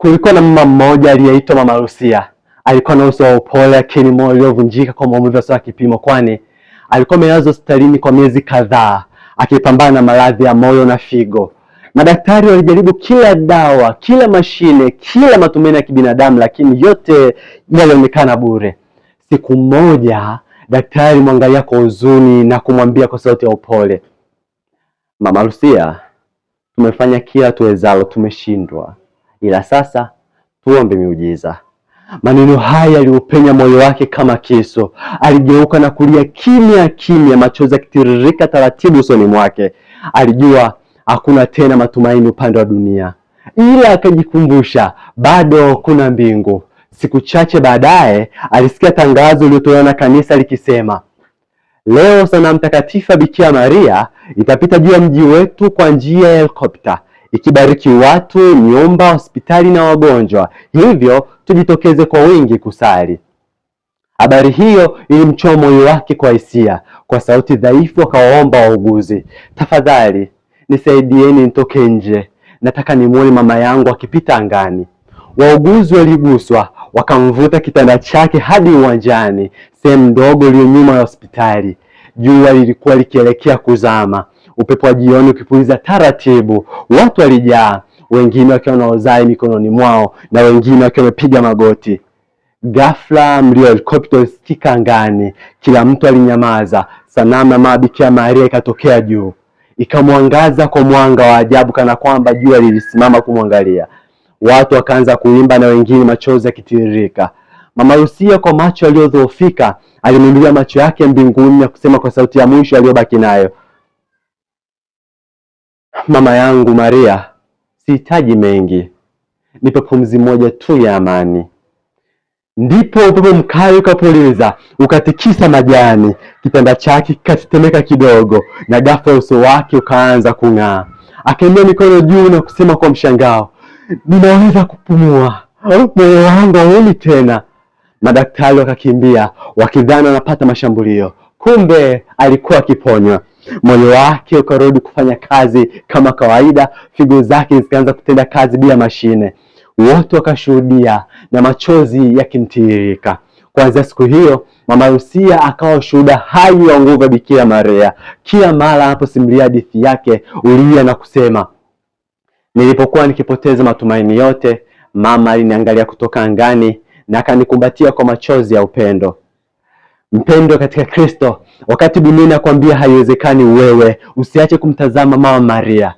Kulikuwa na mama mmoja aliyeitwa Mama Rusia. Alikuwa na uso wa upole lakini moyo uliovunjika kwa maumivu yasiyo ya kipimo, kwani alikuwa amelazwa hospitalini kwa miezi kadhaa akipambana na maradhi ya moyo na figo. Madaktari walijaribu kila dawa, kila mashine, kila matumaini ya kibinadamu, lakini yote yalionekana bure. Siku moja daktari alimwangalia kwa huzuni na kumwambia kwa sauti ya upole, Mama Rusia, tumefanya kila tuwezalo, tumeshindwa ila sasa tuombe miujiza. Maneno haya yaliupenya moyo wake kama kiso. Aligeuka na kulia kimya kimya, machozi yakitiririka taratibu usoni mwake. Alijua hakuna tena matumaini upande wa dunia, ila akajikumbusha bado kuna mbingu. Siku chache baadaye alisikia tangazo lililotolewa na kanisa likisema, leo sanamu takatifu Bikira Maria itapita juu ya mji wetu kwa njia ya helikopta ikibariki watu, nyumba, hospitali na wagonjwa. Hivyo tujitokeze kwa wingi kusali. Habari hiyo ilimchoma moyo wake kwa hisia. Kwa sauti dhaifu akawaomba wauguzi, tafadhali nisaidieni nitoke nje, nataka nimwone mama yangu akipita angani. Wauguzi waliguswa, wakamvuta kitanda chake hadi uwanjani, sehemu ndogo iliyo nyuma ya hospitali. Jua lilikuwa likielekea kuzama upepo wa jioni ukipuliza taratibu, watu walijaa, wengine wakiwa na mikononi mwao na wengine wakiwa wamepiga magoti. Ghafla mlio helikopta ulisikika angani, kila mtu alinyamaza. Sanamu ya Mama Bikira Maria ikatokea juu, ikamwangaza kwa mwanga wa ajabu, kana kwamba jua lilisimama kumwangalia. Watu wakaanza kuimba na wengine machozi yakitiririka. Mama Lucia kwa macho yaliyodhoofika alimimilia macho yake mbinguni na kusema kwa sauti ya mwisho aliyobaki nayo, Mama yangu Maria, sihitaji mengi, nipe pumzi moja tu ya amani. Ndipo upepo mkali ukapuliza ukatikisa majani, kitanda chake kikatetemeka kidogo, na ghafla uso wake ukaanza kung'aa. Akainua mikono juu na kusema kwa mshangao, ninaweza kupumua, moyo wangu haumi tena. Madaktari wakakimbia wakidhani wanapata mashambulio, kumbe alikuwa akiponywa moyo wake ukarudi kufanya kazi kama kawaida, figo zake zikaanza kutenda kazi bila mashine. Wote wakashuhudia na machozi yakimtiririka. Kuanzia siku hiyo Mama Rusia akawa shuhuda hai wa nguvu ya Bikira Maria. Kila mara anaposimulia hadithi yake ulia na kusema, nilipokuwa nikipoteza matumaini yote, mama aliniangalia kutoka angani na akanikumbatia kwa machozi ya upendo. Mpendwa katika Kristo, wakati dunia inakwambia haiwezekani, wewe usiache kumtazama Mama Maria.